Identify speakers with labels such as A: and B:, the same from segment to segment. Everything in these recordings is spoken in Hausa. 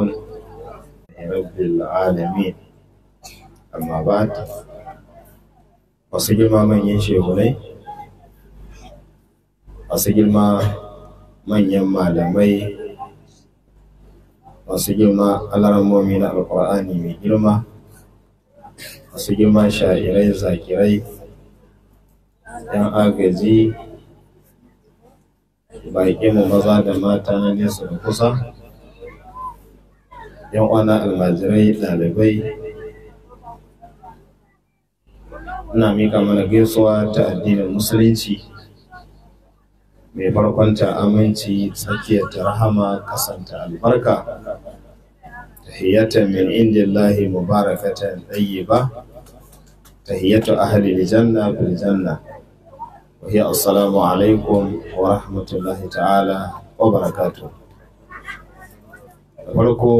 A: kun rabbil alamin amma ba masu girma manyan shehunai masu girma manyan malamai masu girma alarammomi na alkur'ani mai girma masu girma sha'irai zakirai yan agaji baƙi mu maza da mata na nesa da kusa yan uwana almajirai dalibai. ina mika mana gaisuwa ta addinin musulunci mai farkonta aminci tsakiyar ta rahama kasanta albarka tahiyyatan min indillahi mubarakatan ɗayyiba tahiyyatu ahli aljanna halin janna wa hiya assalamu alaikum wa rahmatullahi ta'ala wa barakatuh farko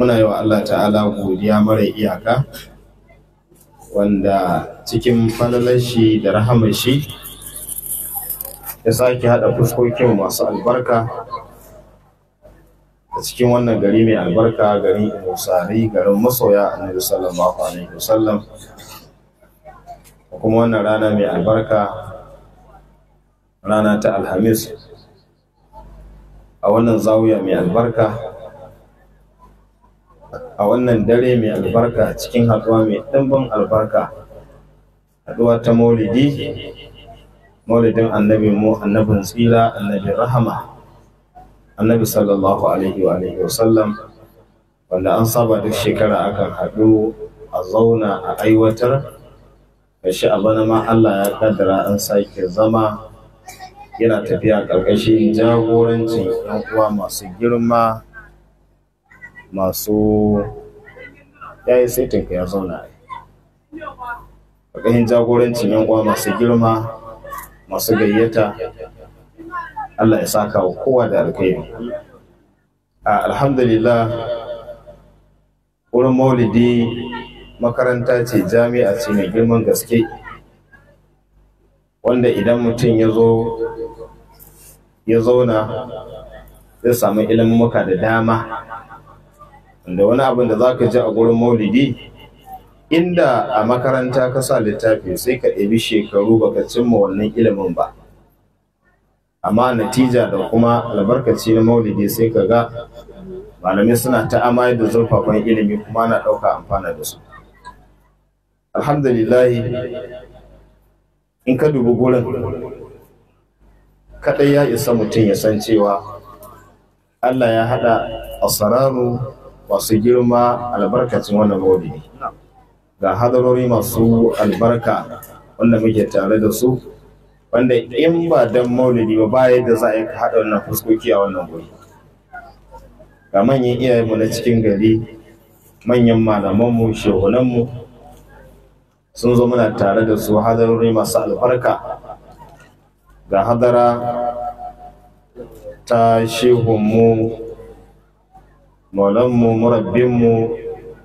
A: muna yi wa Allah ta'ala godiya mara iyaka wanda cikin falalashi da rahamar shi ya sake haɗa fuskokin masu albarka a cikin wannan gari mai albarka garin musari garin masoya a annabi sallallahu alaihi wasallam kuma wannan rana mai albarka rana ta alhamis a wannan zawiya mai albarka a wannan dare mai albarka a cikin haɗuwa mai ɗimbin albarka haɗuwa ta maulidi maulidin annabi mu annabin tsira annabi rahama annabi sallallahu alaihi wa alihi wasallam wanda an saba duk shekara akan haɗu a zauna a aiwatar kashi a bana ma Allah ya kaddara an sake zama yana tafiya ƙarƙashin jagorancin 'yan uwa masu girma masu ya yi saitinka ya zauna a ƙarƙashin jagorancin yan uwa masu girma masu gayyata Allah ya sa kawo kowa da alkhairi alhamdulillah wurin maulidi makaranta ce jami'a ce mai girman gaske wanda idan mutum ya zo ya zauna zai samu ilimin da dama da wani abin da za ka ji a gurin maulidi inda a makaranta ka sa littafi sai ka ɗabi shekaru baka cimma wannan ilimin ba amma natija da kuma albarkaci na maulidi sai ka ga malamai suna ta amayar da zurfafan ilimi kuma na ɗauka amfana da su alhamdulillahi in ka dubi gurin kaɗai ya isa mutum ya san cewa allah ya haɗa asararu masu girma albarkacin wannan maulidi ga hadarori masu albarka wanda muke tare da su wanda in ba dan maulidi ba ba yadda za a yi haɗa wannan fuskoki a wannan guri ga manyan iyayenmu na cikin gari manyan malamanmu shehunanmu sun zo muna tare da su hadarori masu albarka ga hadara ta shehunmu maulanmu murabbinmu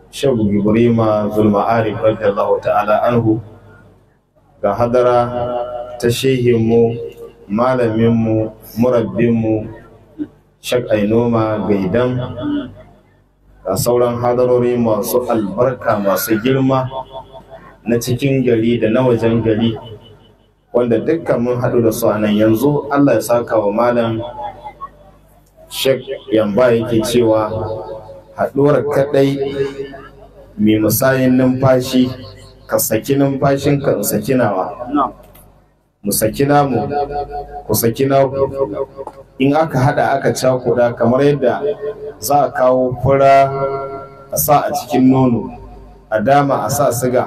A: shabu ibrima zulma'arif radiyallahu ta'ala anhu ga hadara ta shehinmu malaminmu murabbinmu shak ainoma gaidan ga sauran hadarori masu albarka masu girma na cikin gari da na wajen gari wanda dukkan mun haɗu da su a nan yanzu allah ya saka wa malam Sheikh yamba yake cewa haɗuwar kaɗai mai musayin numfashi ka saki numfashin ka saki nawa mu saki namu ku saki naku in aka haɗa aka cakuda kamar yadda za a kawo fura a sa a cikin nono a dama a sa siga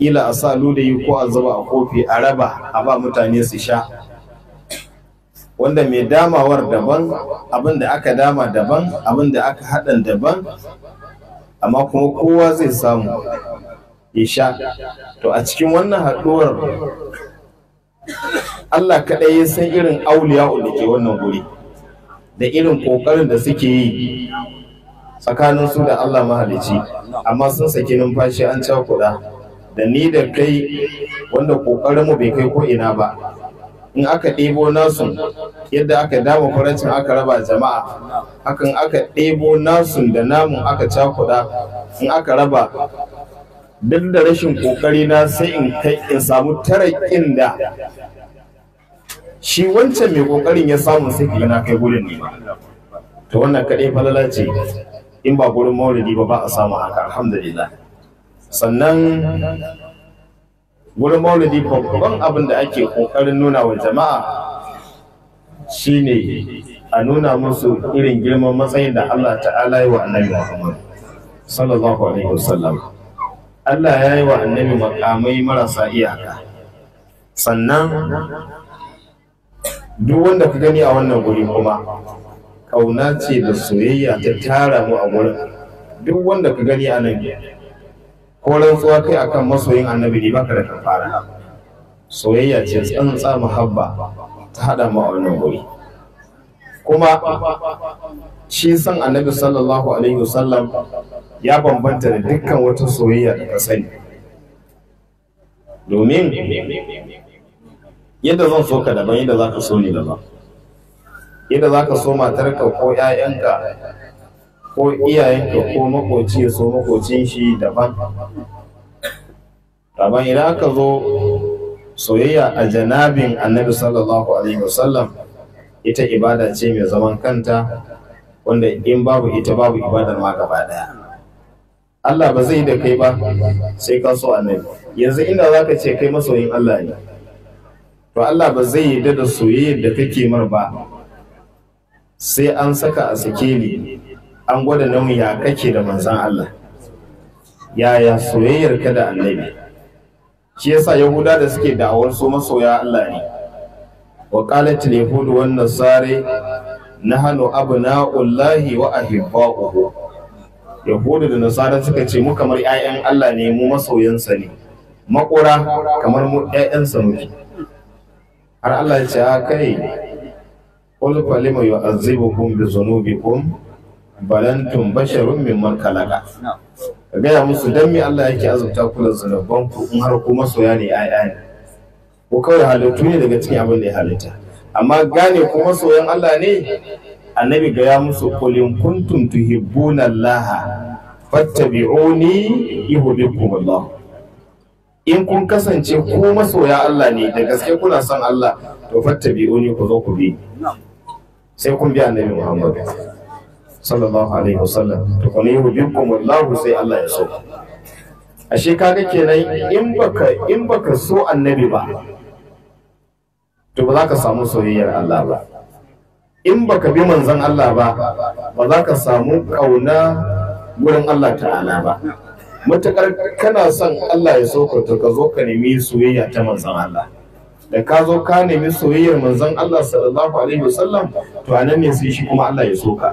A: kila a sa ludayi ko a zuba a kofi a raba a ba mutane su sha wanda mai damawar daban abin da aka dama daban abin da aka haɗa daban amma kuma kowa zai samu ya sha to a cikin wannan haɗuwar Allah kaɗai ya san irin auliya da ke wannan guri da irin ƙoƙarin da suke yi tsakanin su da Allah mahalici amma sun saki numfashi an cakuɗa da ni da kai wanda ƙoƙarinmu bai kai ko ina ba in aka ɗebo nasu yadda aka dama farancin aka raba jama'a hakan aka ɗebo nasu da namun aka cakuɗa in aka raba duk da rashin ƙoƙari na sai in kai in samu tarakin da shi wancan mai ƙoƙarin ya samu sai na kai gudun ne to wannan kaɗai falala ce in ba gurin maulidi ba ba a samu haka alhamdulillah sannan wurin maulidi babban abin da ake kokarin nuna wa jama'a shine a nuna musu irin girman matsayin da Allah ta'ala yi wa annabi Muhammad sallallahu alaihi wasallam Allah ya yi wa annabi makamai marasa iyaka sannan duk wanda ka gani a wannan guri kuma kauna ce da soyayya ta tara mu a gurin duk wanda ka gani a nan ko rantsuwa kai akan masoyin annabi ne baka da kafara soyayya ce tsantsa muhabba ta hada mu a wannan guri kuma shi san annabi sallallahu alaihi wasallam ya bambanta da dukkan wata soyayya da ka sani domin yadda zan so ka daban yadda za ka so ni daban yadda za ka so matarka ko 'ya'yanka ko iyayenka ko makoci ya so makocin shi daban daban idan aka zo soyayya a janabin annabi sallallahu alaihi wasallam ita ibada ce mai zaman kanta wanda in babu ita babu ibadar ma gaba daya Allah ba zai da kai ba sai ka so annabi yanzu inda zaka ce kai masoyin Allah ne to Allah ba zai yarda da soyayyar da kake mar ba sai an saka a ne an gwada namu ya kake da manzan Allah yaya soyayyar ka da annabi shi yasa yahuda da suke da'awar su masoya Allah ne wa qalat al yahud hannu nasari nahnu abna'ullahi wa ahibba'uhu yahudu da nasara suka ce mu kamar 'ya'yan Allah ne mu masoyansa ne makura kamar mu 'ya'yansa muke har Allah ya ce kai qul falima yu'azzibukum bi dhunubikum balantum basharun mimman kalaka ka gaya musu dan me Allah yake azurta ku da zunuban ku in har ku masoya ne ay'a ku ko kawai halittu ne daga cikin abin da ya halitta amma gane ku masoyan Allah ne annabi gaya musu qul in kuntum tuhibbuna Allah fattabi'uni yuhibbukum Allah in kun kasance ku masoya Allah ne da gaske kuna son Allah to fattabi'uni ku zo ku bi sai kun bi annabi Muhammad sallallahu alaihi wasallam to kun yuhibbukum wallahu sai Allah ya so ashe kaga kenan in baka in baka so annabi ba to ba za ka samu soyayyar Allah ba in baka bi manzon Allah ba ba za ka samu kauna wurin Allah ta'ala ba matakar kana son Allah ya so ka to ka zo ka nemi soyayya ta manzon Allah da ka zo ka nemi soyayyar manzon Allah sallallahu alaihi wasallam to anan ne sai shi kuma Allah ya so ka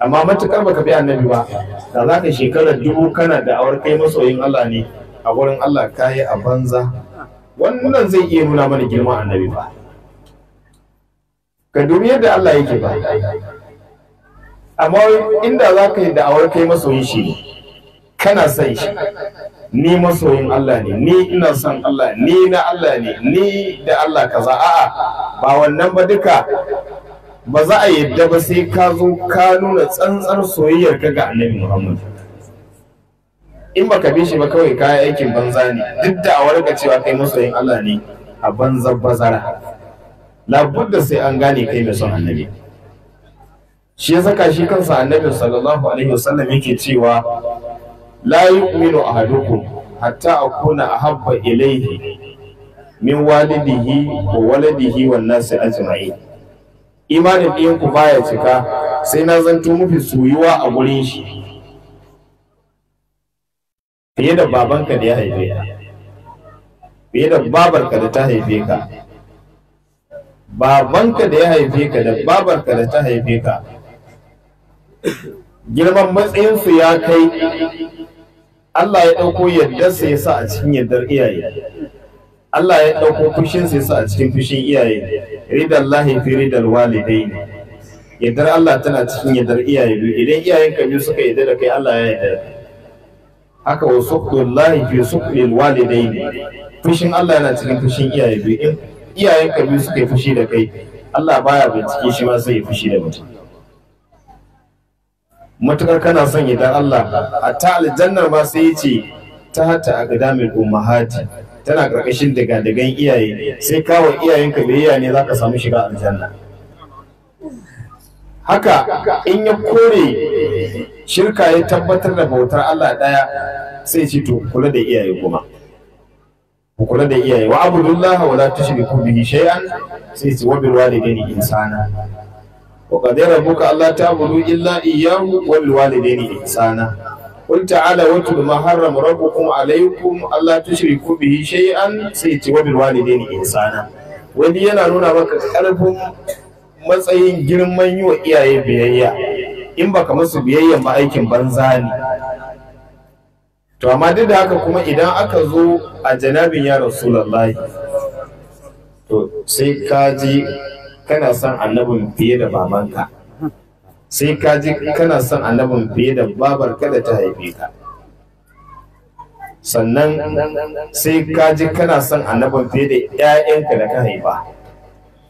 A: amma matukar baka bi annabi ba da za ka shekarar dubu kana da awar kai masoyin Allah ne a wurin Allah kayi a banza wannan zai iya nuna mana girman annabi ba ka dubi yadda Allah yake ba amma inda za ka yi da'awar kai masoyin shi kana son shi ni masoyin Allah ne ni ina son Allah ni na Allah ne ni da Allah kaza a'a ba wannan ba duka ba za a yadda ba sai ka zo ka nuna tsantsar soyayyar ka ga annabi muhammad in ba ka bi shi ba kawai ka aikin banza ne duk da a warka cewa kai masoyin allah ne a banza bazara labudda sai an gane kai mai son annabi shi ya saka shi kansa annabi sallallahu alaihi wasallam yake cewa la yu'minu ahadukum hatta akuna ahabba ilayhi min walidihi wa waladihi wan nasi ajma'in imanin ɗin ku baya cika sai na zanto mafi soyuwa a gurin shi fiye da babanka da ya haife ka fiye da babarka da ta haife ka babanka da ya haife ka da babarka da ta haife ka girman matsayinsu ya kai Allah ya ɗauko yadda sai ya sa a cikin yardar iyaye Allah ya ɗauko fushin sai sa a cikin fushin iyaye ridal lahi fi ridal ne. yadar Allah tana cikin yadar iyaye biyu idan iyayen ka biyu suka yadda da kai Allah ya yadda haka wa suqtul lahi fi suqtil ne. fushin Allah yana cikin fushin iyaye biyu in iyayen ka biyu suka yi fushi da kai Allah baya bincike shi ma sai ya fushi da mutum matukar kana son yadda Allah a ta aljannar ma sai ya ce ta hatta a gadamin ummahati tana ƙarƙashin daga-dagan iyaye sai kawo iyayenka biyayya ne za ka samu shiga aljanna haka in ya kore shirka ya tabbatar da bautar Allah ɗaya sai ce to kula da iyaye kuma ku kula da iyaye wa abudullahi wala tushriku bihi shay'an sai ce wa bil walidaini insana wa qad rabbuka Allah ta'budu illa iyyahu wal walidaini insana قل تعالى واتل ما حرم ربكم عليكم الا تشركوا به شيئا sai وبالوالدين انسانا wani yana nuna maka ƙarfin matsayin girman yi wa iyaye biyayya in baka musu biyayya ba aikin banza ne to amma duk da haka kuma idan aka zo a janabin ya rasulullahi to sai ka ji kana son annabin fiye da babanka sai ka ji kana son annabin fiye da babar kada ta haife ka sannan sai ka ji kana son annabin fiye da 'ya'yanka da ka haifa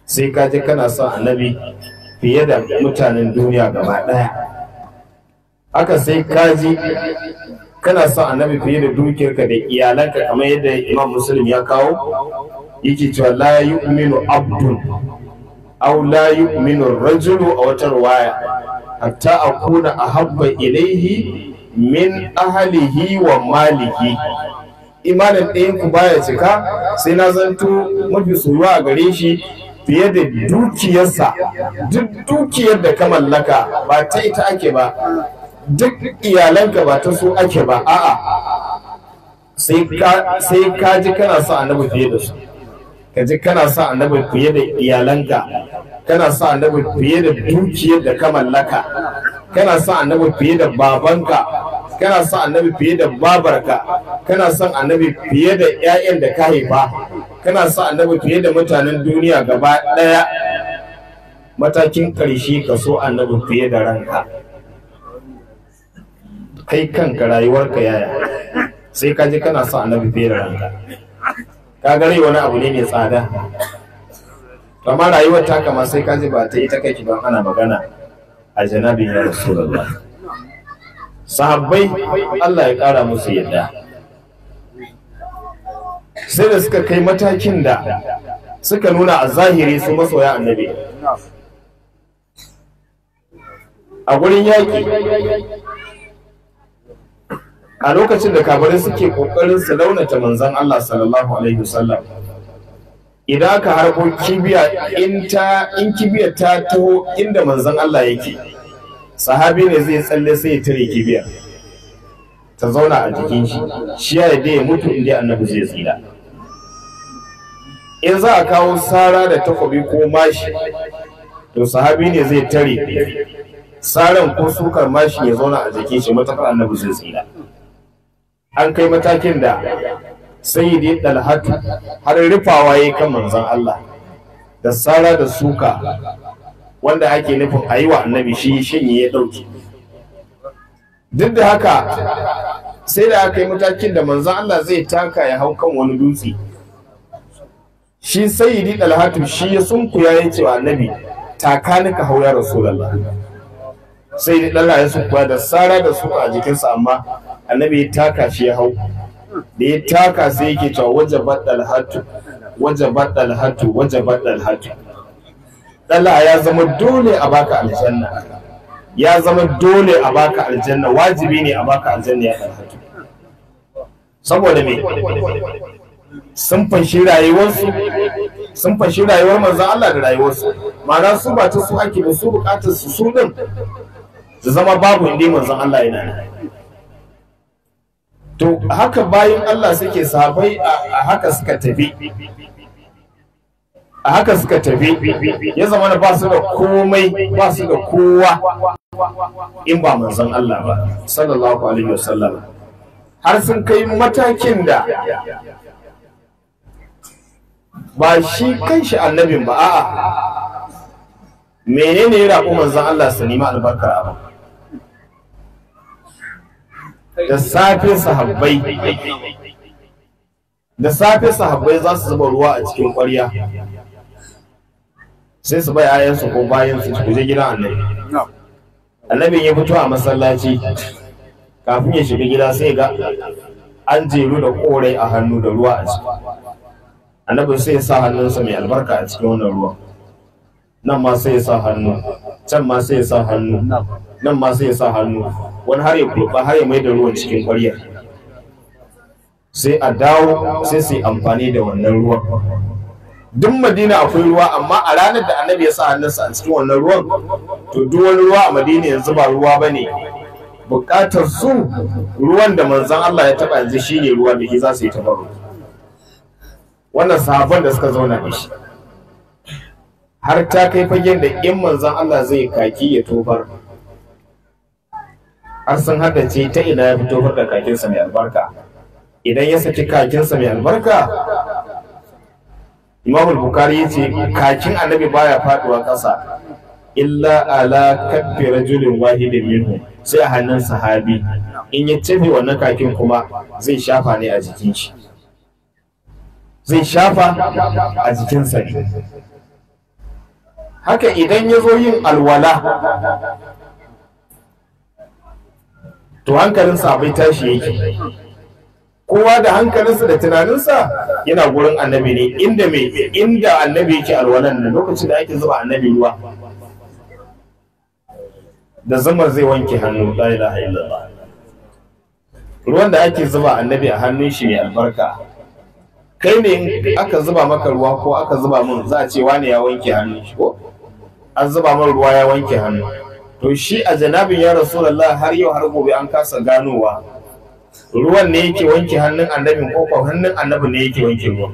A: sai ka ji kana son annabi fiye da mutanen duniya gaba ɗaya haka sai ka ji kana son annabi fiye da dukiyarka da iyalanka kamar yadda imam muslim ya kawo yake cewa la yu'minu abdun aw la yu'minu ar-rajulu a wata riwaya hatta akuna ahabba ilaihi min ahlihi wa malihi imanin ɗayan ku baya cika sai na zanto mafi soyuwa a gare shi fiye da dukiyarsa duk dukiyar da ka mallaka ba ta ita ake ba duk iyalanka ba ta so ake ba a'a sai ka ji kana so annabi fiye da su ka kana sa annabi fiye da iyalanka kana sa annabi fiye da dukiyar da ka mallaka kana sa annabi fiye da babanka kana sa annabi fiye da babarka kana son annabi fiye da 'ya'yan da ka haifa kana sa annabi fiye da mutanen duniya gaba ɗaya matakin ƙarshe ka so annabi fiye da ranka kai kanka rayuwarka yaya sai ka je kana sa annabi fiye da ranka ka rai wani abu ne mai tsada amma rayuwar ta kama sai ka ji ba ta yi ta kai don ana magana a janabi ya rasulullah sahabbai Allah ya kara musu yadda sai da suka kai matakin da suka nuna a zahiri su masoya annabi a gurin yaƙi a lokacin da kabari suke kokarin su launata manzon Allah sallallahu alaihi wasallam idan ka harbo kibiya in ta in kibiya ta taho inda manzon Allah yake sahabi ne zai tsalle sai ya tare kibiya ta zauna a jikin shi shi ya yadda ya mutu inda annabi zai tsira in za a kawo sara da takobi ko mashi to sahabi ne zai tare saran ko sukar mashi ya zauna a jikin shi matakar annabi zai tsira an kai matakin da sayyidi dalhatu har rufawa yayi kan manzon Allah da sara da suka wanda ake nufin a yi wa annabi shi shinye ya ɗauki duk da haka sai da aka yi matakin da manzon Allah zai taka ya hau kan wani dutse shi sayyidi dalhatu shi ya sunkuya ya ce wa annabi taka ni ka hau ya rasulullah sai da ya sunkuya da sara da suka a jikinsa amma annabi ya taka shi ya hau da ya taka sai yake cewa waje baddal hatu waje baddal hatu waje baddal hatu Allah ya zama dole a baka aljanna ya zama dole a baka aljanna wajibi ne a baka aljanna ya hatu saboda me sun fashi rayuwarsu sun fashi rayuwar manzon Allah da rayuwarsu ma'ana su ba ta su ake ba su bukatar su su din su zama babu inda manzon Allah yana nan to haka bayan Allah suke sabai a haka suka tafi a haka suka tafi ya zama da ba su da komai ba su da kowa in ba manzon Allah ba sallallahu alaihi wasallam har sun kai matakin da ba shi kanshi annabin ba a'a menene ya rabu manzon Allah sanima albarka ba da safe sahabbai da safe sahabbai za su zuba ruwa a cikin ƙwarya sai su bai ayansu ko bayan su kuje gidan annabi annabi ya fito a masallaci kafin ya shiga gida sai ga an jeru da korai a hannu da ruwa a ciki Annabi sai ya sa hannunsa mai albarka a cikin wannan ruwan nan ma sai ya sa hannu can ma sai ya sa hannu nan ma sai ya sa hannu wani har ya kurba har ya mai da ruwan cikin kwarya sai a dawo sai su yi amfani da wannan ruwan duk madina akwai ruwa amma a ranar da annabi ya sa hannunsa a cikin wannan ruwan to duk wani ruwa a madina yanzu ba ruwa ba ne bukatar su ruwan da manzan Allah ya taba yanzu shine ruwa da za su yi tabarruki wannan sahabban da suka zauna da shi har ta kai fagen da in manzan Allah zai kaki ya tofar an san hada ce ta ina ya fito da kakinsa mai albarka idan ya saki kakinsa mai albarka imamul Bukhari ya ce kakin annabi baya faduwa ƙasa illa ala kaffi rajulin wahidin minhu sai a hannun sahabi in ya tafi wannan kakin kuma zai shafa ne a jikin shi zai shafa a jikinsa ne haka idan ya zo yin alwala to hankalinsa bai tashi yake kowa da hankalinsa da tunaninsa yana gurin annabi ne inda mai inda annabi yake alwalan nan lokacin da ake zuba annabi ruwa da zama zai wanke hannu la ilaha illallah ruwan da ake zuba annabi a hannun shi mai albarka kai ne aka zuba maka ruwa ko aka zuba mun za a ce wani ya wanke hannun shi ko an zuba mar ruwa ya wanke hannu to shi a janabin ya rasulullah har yau har gobe an kasa ganowa ruwan ne yake wanke hannun annabin ko hannun annabi ne yake wanke ruwa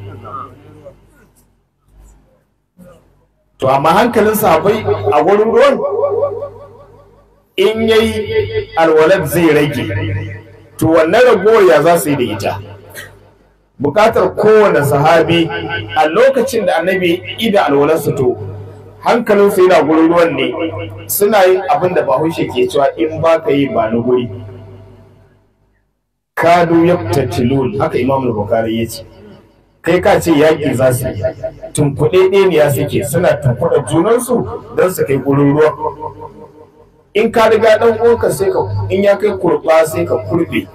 A: to amma hankalin sahabbai a gurin ruwan in yayi alwalad zai rage to wannan ragowar ya za su yi da ita bukatar kowane sahabi a lokacin da annabi ida alwalarsa to hankalinsu yana gurin ruwan ne suna yin abin da bahaushe ke cewa in ba ka yi ba na guri kadu ya tattilun haka imam bukari ya ce kai ka ce yaƙi za su yi tunkuɗe ya suke suna tunkuɗa junansu don su kai gurin ruwa in ka riga ɗan uwanka sai ka in ya kai kurɓa sai ka kurɓe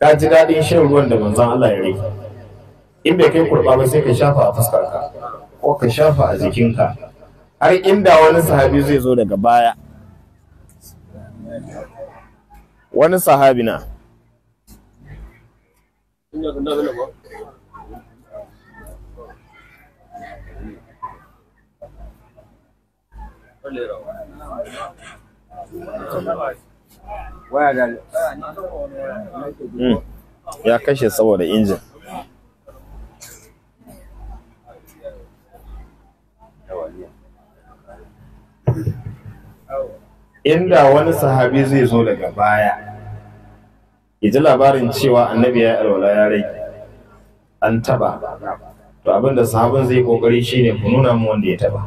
A: ka ji daɗin shan ruwan da manzon Allah ya rike in bai kai kurɓa ba sai ka shafa a fuskarka ko ka shafa a jikinka har inda wani sahabi zai zo daga baya wani sahabi na hmm. ya kashe saboda injin inda wani sahabi zai zo daga baya ya ji labarin cewa annabi ya alwala ya rai an taba to abin da sahabin zai kokari shine ku nuna mu wanda ya taba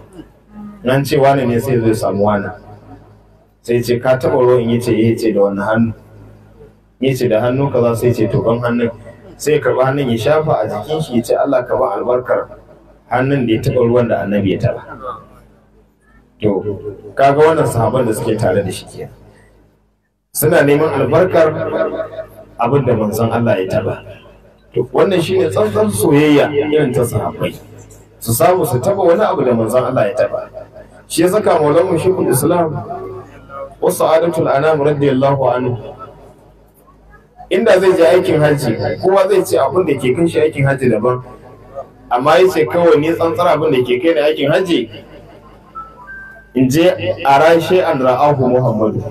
A: nan ce wani ne sai zai samu wani sai ce ka taba ruwan ce eh, yi ce da wani hannu ce da hannu kaza sai ce to ban hannun sai karba hannun ya shafa a jikin shi ya ce Allah ka ba albarkar hannun da ya taba ruwan da annabi ya taba
B: to
A: kaga wannan sahaban da suke tare da shi ke. suna neman albarkar abin da manzon Allah ya taba to wannan shine tsantsan soyayya irin ta sahabbai su samu su taba wani abu da manzon Allah ya taba shi ya saka maulan shikun islam wa sa'adatul anam radiyallahu anhu inda zai je aikin hajji kowa zai ce abin da ke kan shi aikin hajji daban amma yace kawai ni tsantsan abin da ke kai ne aikin hajji in je a rashe an ra'ahu muhammadu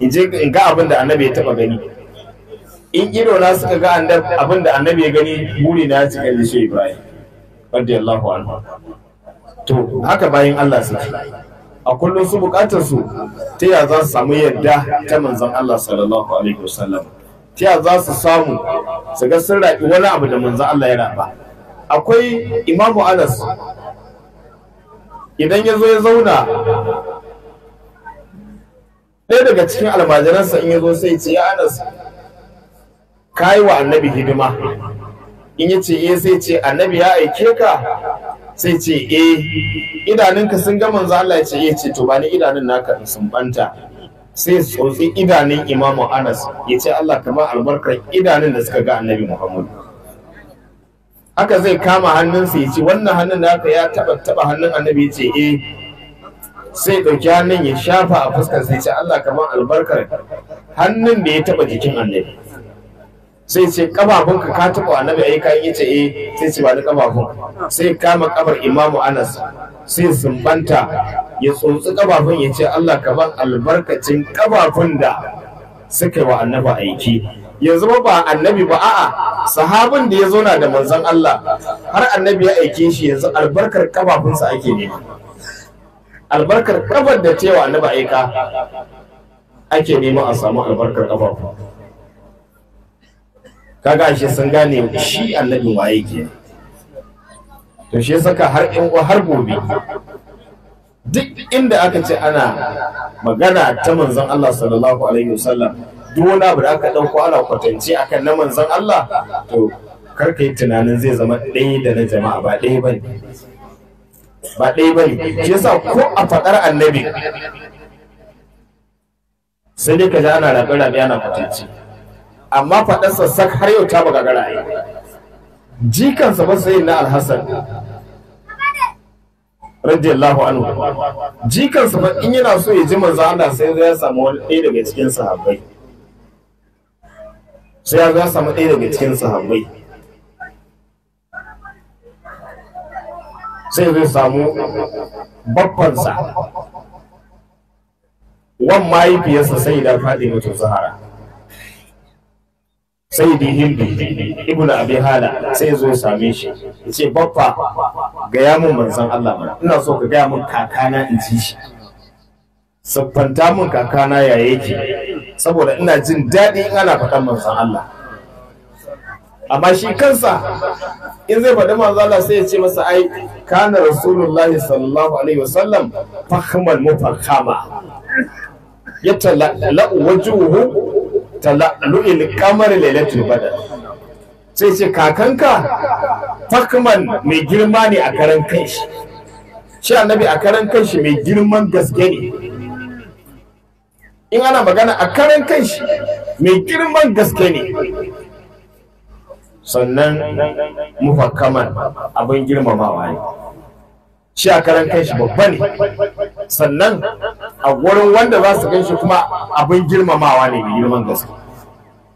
A: in je in ga abin da annabi ya taba gani in ido na suka ga abin da annabi ya gani buri na ci gani shi ibrahim radiyallahu anhu to haka bayan Allah su a kullum su bukatar su ta ya za su samu yadda ta manzon Allah sallallahu alaihi wasallam ta ya za su samu su ga sun raƙi wani abu da manzon Allah ya raba akwai imamu Anas idan ya zo ya zauna ɗaya daga cikin almajiransa in ya zo sai ce ya anas ka yi wa annabi hidima in ya ce eh sai ce annabi ya aike ka sai ce eh Idaninka sun ga manzo Allah ya ce eh ce to ba ni idanun naka sun banta sai tsotsi idanun imamu anas ya ce Allah kamar albarkar idanun da suka ga annabi muhammadu haka zai kama hannunsa ya ce wannan hannun da aka ya taba taba hannun annabi ya ce eh sai ɗauki hannun ya shafa a fuskar sai ce Allah kamar albarkar hannun da ya taba jikin annabi sai ce kafafunka ka taba annabi ai yi ce eh sai ce ba da kafafun sai kama kabar imamu Anas sai zumbanta ya tsotsi kafafun ya ce Allah kamar albarkacin kafafun da suka yi wa annabi aiki yanzu ba ba annabi ba a'a sahabin da ya zauna da manzon Allah har annabi ya aike shi yanzu albarkar kafafunsa ake nema albarkar kafar da cewa annabi aika ake nema a samu albarkar kafafu kaga shi sun gane shi annabin waye ke to shi saka har in har gobe duk inda aka ce ana magana ta manzon Allah sallallahu alaihi wasallam duk wani abu da aka ɗauko ana kwatance akan na manzon Allah to kar ka yi tunanin zai zama ɗaya da na jama'a ba ɗaya bane ba ɗaya bane shi yasa ko a faɗar annabi sai dai ka ji ana rabe-rabe ana kwatance amma faɗar sassak har yau ta buga garaye jikansa ba sai na alhassan Allahu anhu jikansa ba in yana so ya ji manzo Allah sai ya samu wani ɗaya daga cikin sahabbai sai ga samu ɗaya daga cikin sahabbai sai zai samu babbansa wan mahaifiyarsa sai da faɗi mutum zahara sai da hindu ibnu abi hala sai zo same shi ya ce babba gaya min manzon Allah mana ina so ka gaya mun kakana in ji shi siffanta min kakana ya yake saboda ina jin daɗi in ana faɗan manzan Allah amma shi kansa in zai faɗi manzan Allah sai ya ce masa ai kana rasulullahi sallallahu alaihi wasallam fahman mufakhama yatala'u wajuhu tala'lu'il qamar lailatul badr sai ce kakanka fakman mai girma ne a karan kanshi shi annabi a karan kanshi mai girman gaske ne in ana magana a karan kanshi mai girman gaske ne sannan
B: mufakkaman
A: abin girmamawa ne shi a karan kanshi babba ne sannan a gurin wanda za su gan shi kuma abin girmamawa ne mai girman gaske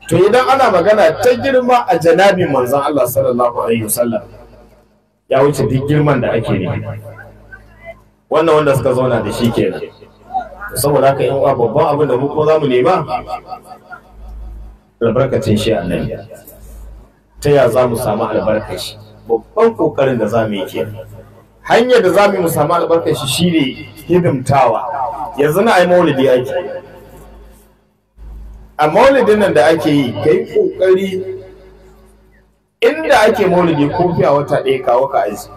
A: to idan ana magana ta girma a janabi manzan Allah sallallahu alaihi wasallam ya wuce duk girman da ake ne wannan wanda suka zauna da shi kenan saboda haka yan uwa babban abin da mu ko za mu nema albarkacin shi annabi ta ya za mu samu albarkar shi babban kokarin da za mu yi kenan hanyar da za mu yi samu albarkar shi shine hidimtawa yanzu na ai maulidi ake a maulidin nan da ake yi kai kokari inda ake maulidi ko a wata ɗaya kawo ka aji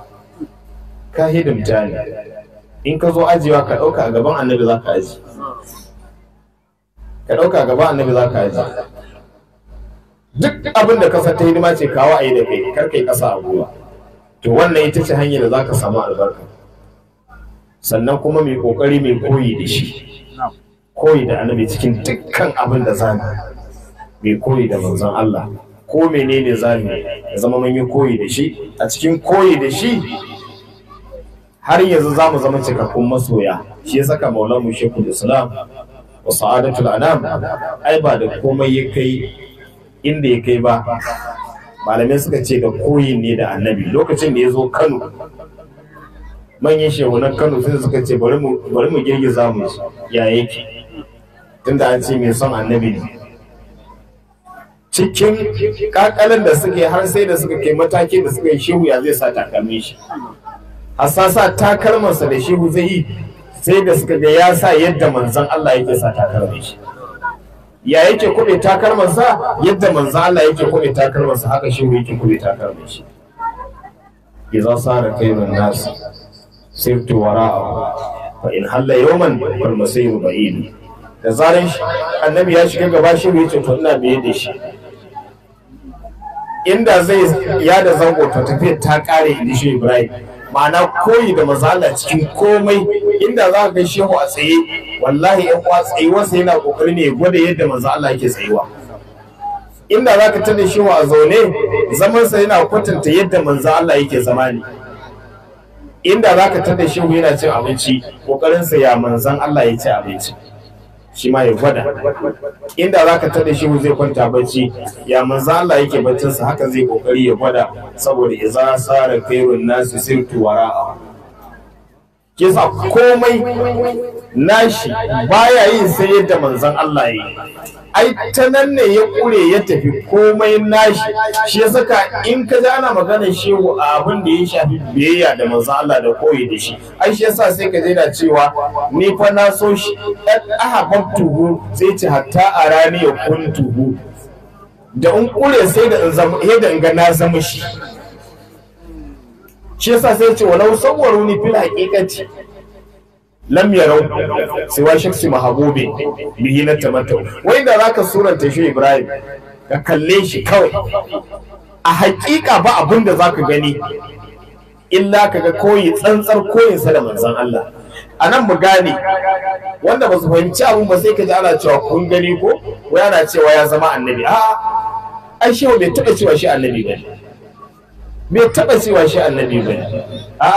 A: ka hidimta ne in ka zo ajiyewa ka ɗauka a gaban annabi za ka aji ka ɗauka a gaban annabi za ka aji duk abin da kasar ta hidima ce kawo a yi da kai kar yi kasa a gowa to wannan ita ce hanyar da za ka samu albarka sannan kuma mai kokari mai koyi da shi koyi da annabi cikin dukkan abin da za mai koyi da manzon Allah ko menene za mu zama mun yi koyi da shi a cikin koyi da shi har yanzu za mu zama cikakkun masoya shi ya saka mu shekul islam wa sa'adatul anam ai ba da komai ya kai inda ya kai ba malamai suka ce da koyin ne da annabi lokacin da ya zo kano manyan shehunan kano sai suka ce bari mu girgiza mu ya yake tunda an ce mai son annabi ne cikin kakalin da suke har sai da suka kai matakin da suka yi shehu ya zai sa takalmin shi a sasa takalmansa da shehu zai yi sai da suka ga ya sa yadda manzan Allah yake sa takalman shi ya yake kuɗe takalmansa yadda manzan Allah yake kuɗe takalmansa haka shehu yake kuɗe takalman shi idza sara kayrun nas sirtu wara'a fa in halla yawman fal masayru ba'id da zaran annabi ya shiga gaba mai yace to ina biye da shi inda zai ya da zango ta tafiya ta kare inda shi Ibrahim ma'ana koyi da mazala cikin komai inda za ka ga shehu a tsaye wallahi yan uwa tsayuwarsa yana kokari ne gwada yadda mazala ke tsayuwa inda za ka tada shehu a zaune zamansa yana kwatanta yadda manzo Allah yake zama ne inda za ka tada shehu yana cin abinci ƙoƙarinsa ya manzan Allah ya ci abinci shi ma ya gwada inda za ka tada shi zai kwanta bacci ya manza Allah yake baccinsa haka zai kokari ya gwada saboda iza sara kairun nasu sirtu wara'a kisa komai nashi baya yin sai yadda manzon Allah ya yi ai ta nan ne ya kure ya tafi komai nashi shi ya saka in ka ji ana maganar shehu a abin da ya shafi biyayya da manzon Allah da koyi da shi ai shi yasa sai ka ji da cewa ni fa na so shi dan ahabbtuhu sai ci hatta rani ya
B: kuntuhu
A: da in kure sai da in zama ga na zama shi shi yasa sai ce walau sawwaru ni fil haqiqati lam yarau siwa shaksi mahabubi bihi na tamattu wai da zaka suranta shi Ibrahim ka kalle shi kawai a haƙiƙa ba abin da ka gani illa ka koyi tsantsar koyin sa da manzon Allah a nan mu gane wanda ba su fahimci abin ba sai ka ji ana cewa kun gani ko wai ana cewa ya zama annabi a'a ai shehu bai taɓa cewa shi annabi ba ne. bai taba cewa shi annabi ba a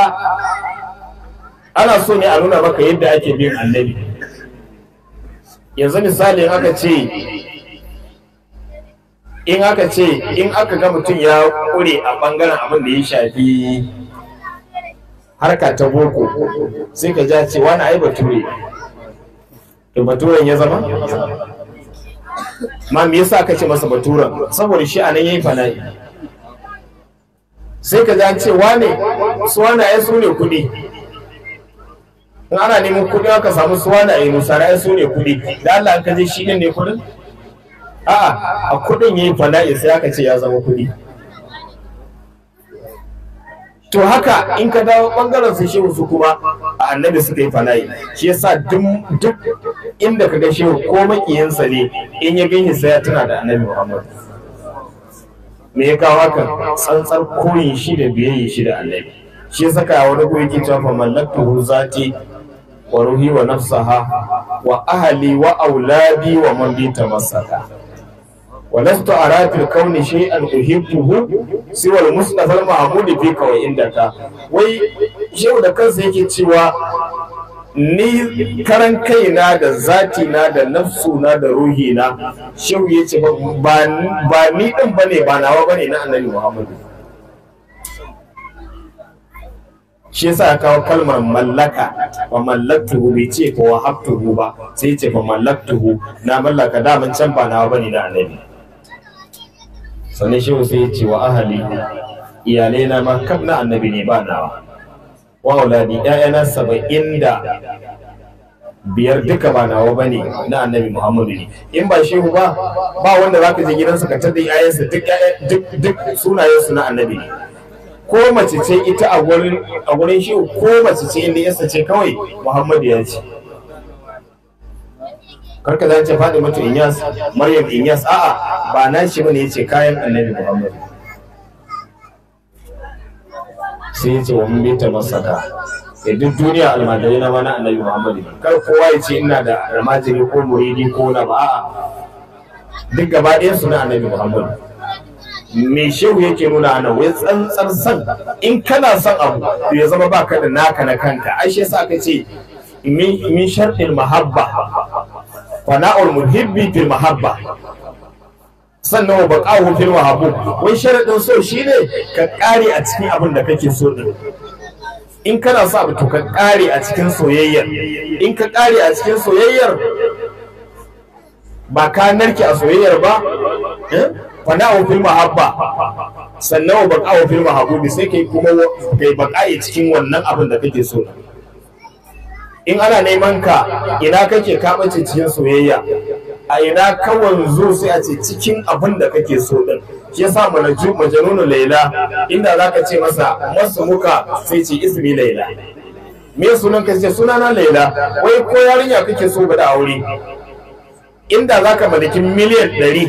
A: ana so ne a nuna maka yadda ake bin annabi yanzu misali in aka ce in aka ce in aka ga mutum ya kure a bangaren abin da ya shafi harka ta boko sai ka ja ce wani ai bature to baturen ya zama ma me yasa ka ce masa baturen saboda shi a nan yayi fana'i sai ka an ce wane suwanaye su ne kuɗi ana neman kuɗi aka samu suwanaye musaraye su ne kuɗi da Allah ka je shi ne kuɗin a'a a kuɗin yayi fana'i sai aka ce ya zama kuɗi to haka in ka dawo bangaren su shehu su kuma a annabi suka yi fana'i shi yasa duk inda ka ga shehu ko makiyansa ne in ya gani sai ya tuna da annabi Muhammad me ya kawo haka tsantsar koyin shi da biyayya shi da annabi shi ya saka wani ko yake cewa fa mallaktu zati wa ruhi wa nafsaha wa ahli wa auladi wa man bi tamassaka wa lastu ara kauni shay'an uhibbuhu siwa al-mustafa al-mahmud fi kawai indaka wai shehu da kansa yake cewa ni karan kaina da zati na da nafsu na da ruhi na shehu ya ce ba ni din bane ba nawa bane na annabi muhammadu shi yasa ya kawo kalmar mallaka fa mallaktuhu bai ce fa wahabtuhu ba sai ce fa mallaktuhu na mallaka daman can ba nawa bane na annabi sannan shehu sai ya ce wa ahali iyalai na ma kan na annabi ne ba nawa wa auladi ƴaƴana saba'in da biyar duka ba nawa bane na annabi muhammadu ne in ba shehu ba ba wanda za ka je gidansa ka tada yayansa duk sunayen su na annabi ne ko mace ce ita a gurin shehu ko mace ce inda yasa ce kawai muhammadu ya ce karka zance ce faɗi mutu inyas maryam inyas a'a ba na shi bane ya kayan annabi muhammadu sai ya ce wa mun bita masaka ya eh, duk duniya almajirai na mana annabi muhammadu kar kowa ya ce ina da almajiri ko muridi ko na ba a'a duk gaba ɗaya su na annabi muhammadu me shehu yake nuna ana wai tsantsar san in kana son abu to ya zama ka da naka na kanka ai shi yasa ka ce min sharɗin mahabba fana'ul muhibbi fil mahabba sannan wa baqahu fil mahabub wai sharadin so shine ka kare a cikin abin da kake so din in kana sa abu to ka kare a cikin soyayyar
B: in ka kare a cikin soyayyar
A: ba ka narke a soyayyar ba eh? fana'u fil mahabba sannan wa baqahu fil mahabubi sai kai kuma kai baqai cikin wannan abin da kake so in ana neman ka ina kake ka bace cikin soyayya a ina kawan zo sai a ce cikin abin da kake so din shi yasa manaju majanunu laila inda zaka ce masa masu muka sai ce ismi laila me sunan ka ce suna na, laila wai ko yarinya kake so ba da aure inda zaka mallaki miliyan ɗari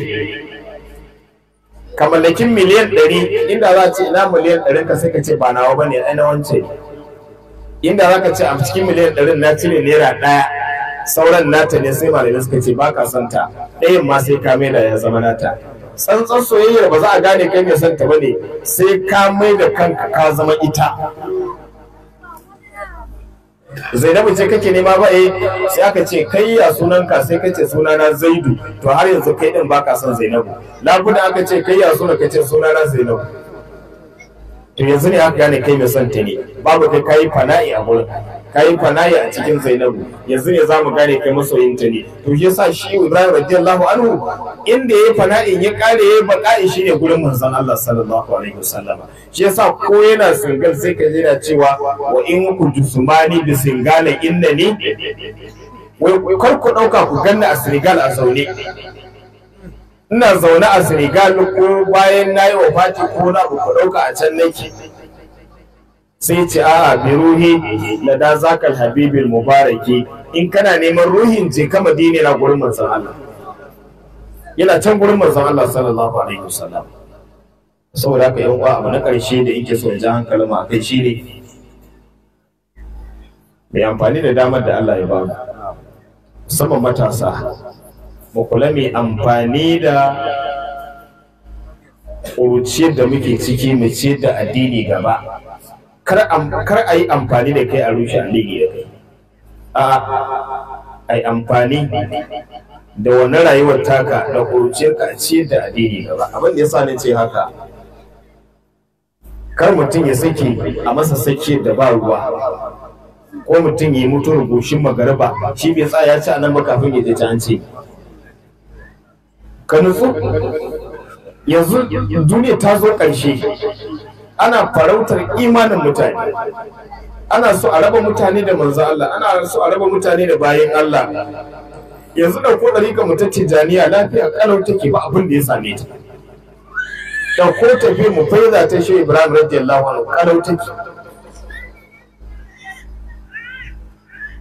A: ka mallaki miliyan ɗari inda za ce ina miliyan ɗarin ka sai ka ce ba nawa bane ai na wance inda za ka ce a cikin miliyan ɗarin na cire naira ɗaya sauran nata ne sai malamai suka ce ba ka ta. ɗayan ma sai ka maida ya zama nata tsantsan soyayya ba za a gane kai mai son ta ba ne sai ka maida kanka ka zama ita zainabu ce kake nema ba eh sai aka ce kai ya sunanka sai kace sunana zaidu to har yanzu kai din baka son zainabu labuda aka ce kai ya sunan kace sunana zainabu to yanzu ne aka gane kai mai son ta ne babu kai kai fana'i a gurin kayan kwanaye a cikin zainabu yanzu ne za mu gane kai masoyinta ne to shi yasa shi ibrahim radiyallahu anhu inda ya fana'in ya kare ya baka'i shi ne gurin manzon allah sallallahu alaihi wasallama shi yasa ko yana singal sai ka jira cewa wa in ku jusmani bi singala innani wai kar ku dauka ku ganna a senegal a zaune ina zaune a senegal ko bayan na yi wa fati ko na ku ɗauka a can nake sai ce a'a bi ruhi la da zakal habibil mubaraki in kana neman ruhin je ka madina na gurin manzon Allah yana can gurin manzon Allah sallallahu alaihi wasallam saboda haka yan uwa abu na karshe da yake so ja hankalin mu akai shine mai amfani da damar da Allah ya ba mu musamman matasa mu kula mai amfani da ƙuruciyar da muke ciki mu ciyar da addini gaba kar a yi amfani da kai a rushe aliki da kai
B: a
A: a yi amfani da wani rayuwar taka da ƙuruciyarka a ciyar da addini gaba abin da ya sa ni ce haka kar mutum ya sake a masa sake da ba ruwa ko mutum ya yi mutu rubushin magarba shi bai tsaya ya ci a nan ba kafin ya je ta ce ka nufu yanzu duniya ta zo ƙarshe ana farautar imanin mutane ana so a raba mutane da manzo Allah ana so a raba mutane da bayan Allah yanzu da ko dari ka ta Tijaniya lafiya kalau take ba abin da ya same ta da ko tafi mu faiza ta shi Ibrahim radiyallahu anhu kalau take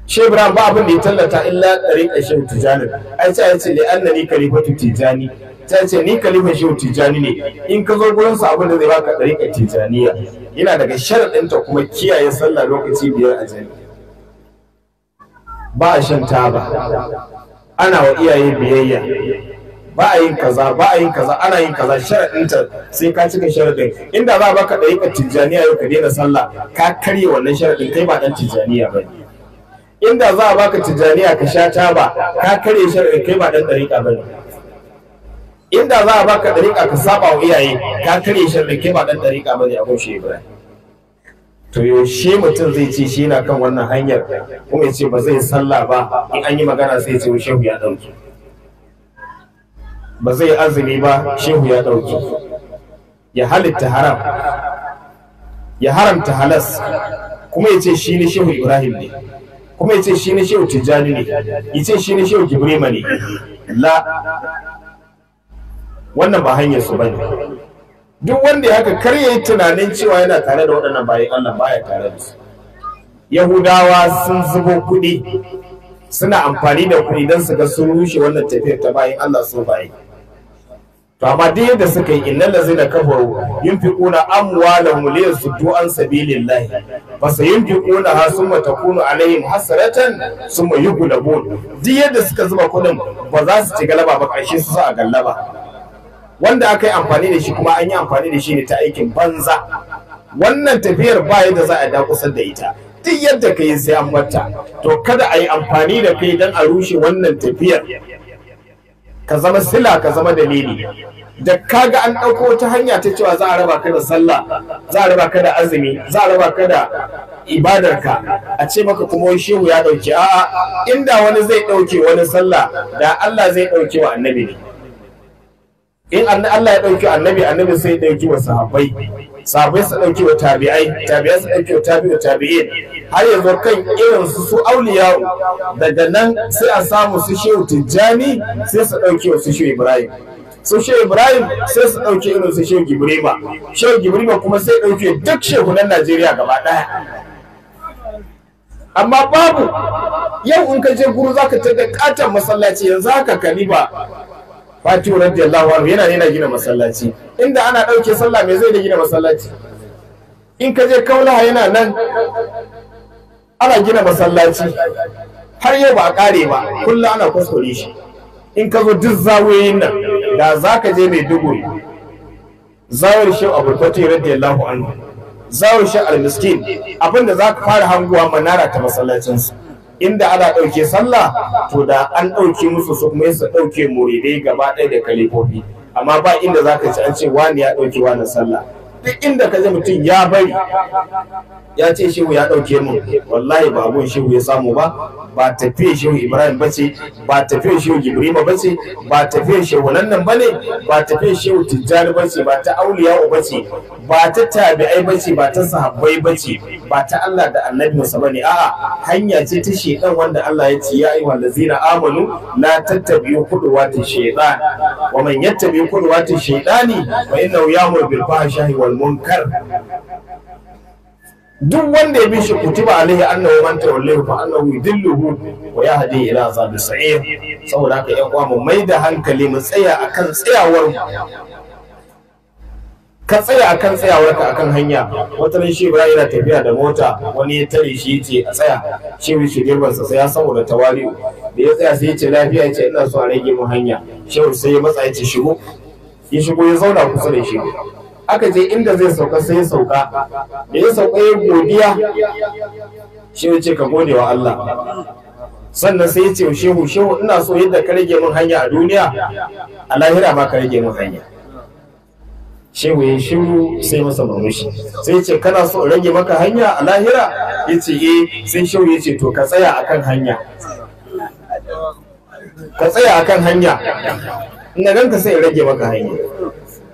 A: Shi Ibrahim ba abin da ya tallata illa dariƙa shi Tijani ai sai ya ce li annani karibatu Tijani ta ce ni kalifan shehu tijani ne in ka zo gurin sa abin da zai baka ɗariƙa tijaniya yana daga sharaɗinta kuma kiyaye sallah lokaci biyar a jami ba a shan taba ana wa iyaye biyayya ba a yin kaza ba a yin kaza ana yin kaza sharaɗinta sai ka cika sharaɗin inda za a baka ɗariƙa tijaniya yau ka daina sallah ka karye wannan sharaɗin kai ba ɗan tijaniya ba inda za a baka tijaniya ka sha taba ka karye sharaɗin kai ba ɗan ɗariƙa ba ne inda za a baka dariƙa ka saba wa iyaye ka shi da ke ba dan dariƙa bane ya goshe Ibrahim to shi mutum zai ce shi yana kan wannan hanyar kuma ya ce ba zai sallah ba in an yi magana sai ce shehu ya dauke ba zai azumi ba shehu ya dauke ya halitta haram ya haramta halas kuma ya ce shi ne shehu Ibrahim ne kuma ya ce shi ne shehu Tijjani ne ya ce shi ne shehu Jibrima ne la wannan ba hanyar su bane duk wanda ya haka kar yayi tunanin cewa yana tare da waɗannan bayan Allah baya tare da su Yahudawa sun zubo kuɗi suna amfani da kuɗi don su ga sun rushe wannan tafiyar ta bayan Allah su bayi to amma duk yadda suka yi innal ladzina kafaru yunfiquna amwalahum liyasuddu an sabilillah fa sayunfiquna ha summa takunu alaihim hasratan summa yughlabun duk yadda suka zuba kuɗin ba za su ci galaba ba ƙarshe su sa a gallaba wanda aka yi amfani da shi kuma an yi amfani da shi ne ta aikin banza wannan tafiyar ba yadda za a kusan da ita duk yadda ka yi sai an mata to kada a yi amfani da kai don a rushe wannan tafiyar ka zama sila ka zama dalili da ga an ɗauko wata hanya ta cewa za a raba ka da sallah za a raba ka da azumi za a raba ka da ibadarka a ce maka kuma shehu ya ɗauke a'a inda wani zai ɗauke wani sallah da Allah zai ɗauke wa annabi ne in Allah ya ɗauki annabi annabi sai ya ɗauki wa sahabbai sahabbai su ɗauki wa tabi'ai tabi'ai su ɗauki wa tabi'u tabi'in har yanzu kan irin su su auliya
B: daga nan sai a samu
A: su shehu tijjani sai su ɗauki wa su shehu ibrahim su shehu ibrahim sai su ɗauki irin su shehu gibrima shehu gibrima kuma sai ɗauki duk shehunan najeriya gaba ɗaya amma babu yau in ka je guru zaka ta da katon masallaci yanzu haka kaliba Fatiu radiyallahu anhu yana yana gina masallaci inda ana ɗauke sallah me zai da gina masallaci in ka je kaulaha yana nan ana gina masallaci har yau ba a ƙare ba kullum ana kuskure shi in ka zo duk zawoyin nan da za ka je mai dugu zawar shi abu da radiyallahu anhu zawar shi al-miskin abinda za ka fara hanguwa manara ta masallacinsa inda ana ɗauke sallah to da an ɗauke musu su kuma su ɗauke muridai gaba ɗaya da kalifofi amma ba inda za ka ci an ce wani ya ɗauke wani sallah duk inda ka ji mutum ya bari ya ce shehu ya ɗauke mu wallahi ba abun shehu ya samu ba ba tafiyar shehu ibrahim ba ce ba tafiyar shehu jibrima ba ce ba tafiyar shehu nan ba ne ba tafiyar shehu tijjani ba ce ba ta auliya ba ce ba ta tabi'ai ba ce ba ta sahabbai ba ce ba ta allah da annabi musa ba ne a'a hanya ce ta shedan wanda allah ya ce ya ayyuhal ladzina amanu la tattabi'u qudwati shedan wa man yattabi qudwati shaytani fa innahu ya'muru bil fahsha wal munkar duk wanda ya bi shi kutiba alaihi annahu man tawallahu fa annahu yudilluhu wa yahdi ila azabi sa'ir saboda haka yan uwa mu mai da hankali mu tsaya akan tsayawar mu ka tsaya akan tsayawar ka akan hanya wata ran shi ibrahim yana tafiya da mota wani ya tare shi yace a tsaya shi wi shi dirban sa sai saboda tawali da ya tsaya sai yace lafiya ya ce ina so a rage mu hanya shi sai ya matsa yace shigo ya shigo ya zauna kusa da shi aka je inda zai sauka sai ya sauka
B: da ya sauka ya godiya
A: shi ya ce ka gode wa Allah sannan sai ya ce shehu shehu ina so yadda ka rage min hanya a duniya a lahira ma ka rage min hanya shehu ya shiru sai masa murmushi sai ya ce kana so rage maka hanya a lahira ya ce eh sai shehu ya ce to ka tsaya akan hanya ka tsaya akan hanya ina ganka sai rage maka hanya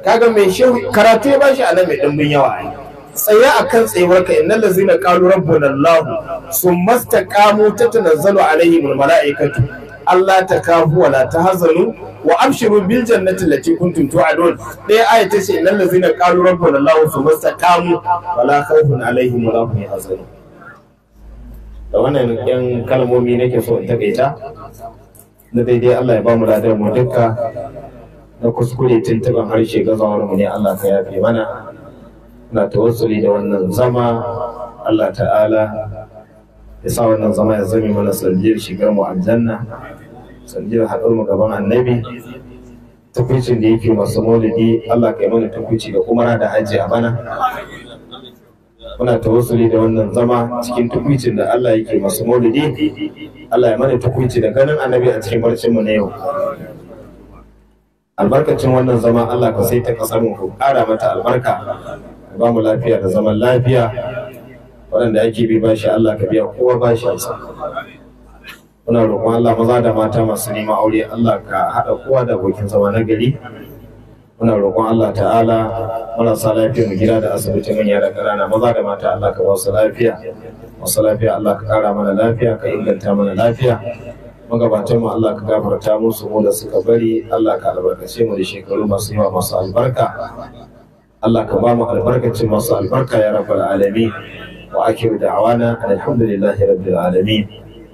A: kaga mai shehu karatu ya bashi anan mai dimbin yawa ai tsaya akan tsayuwarka innal ladzina qalu rabbuna allah summa tatanzalu tatanazzalu alaihim malaikatu Allah ta kafu wala ta hazanu wa abshiru bil jannati allati kuntum tu'adun dai aya ce innal ladzina qalu rabbuna allah summa istaqamu wala khawfun alaihim wala hum yahzanun da wannan yan kalmomi nake so in takaita na daidai Allah ya ba mu ladar mu dukka na kuskure tuntuban harshe gazawar mu ne Allah ka yafe mana na tawassuli da wannan zama Allah ta'ala ya sa wannan zama ya zame mana sanjiyar shigar mu aljanna sanjiyar haɗar mu gaban annabi tukuncin da yake masu maulidi Allah ka yi mana tukunci da umara da hajji a bana muna tawassuli da wannan zama cikin tukuncin da Allah yake masu maulidi Allah ya mana tukunci da ganin annabi a cikin barcin mu na yau albarkacin wannan zama Allah ka sai ta kasar mu ko ƙara mata albarka ba mu lafiya da zaman lafiya waɗanda ake bi shi, Allah ka biya kowa ba shi sa muna roƙon Allah maza da mata masu neman aure Allah ka haɗa kowa da abokin zama na gari muna roƙon Allah ta'ala marasa lafiya mu gida da asibiti mun yara ƙanana maza da mata Allah ka ba su lafiya masu lafiya Allah ka ƙara mana lafiya ka inganta mana lafiya magabatan mu Allah ka gafarta musu mu da suka bari Allah ka albarkace mu da shekaru masu yawa masu albarka Allah ka ba mu albarkacin masu albarka ya rabbal alamin wa akhiru da'wana alhamdulillahi rabbil alamin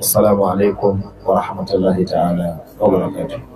B: assalamu alaikum wa rahmatullahi ta'ala wa barakatuh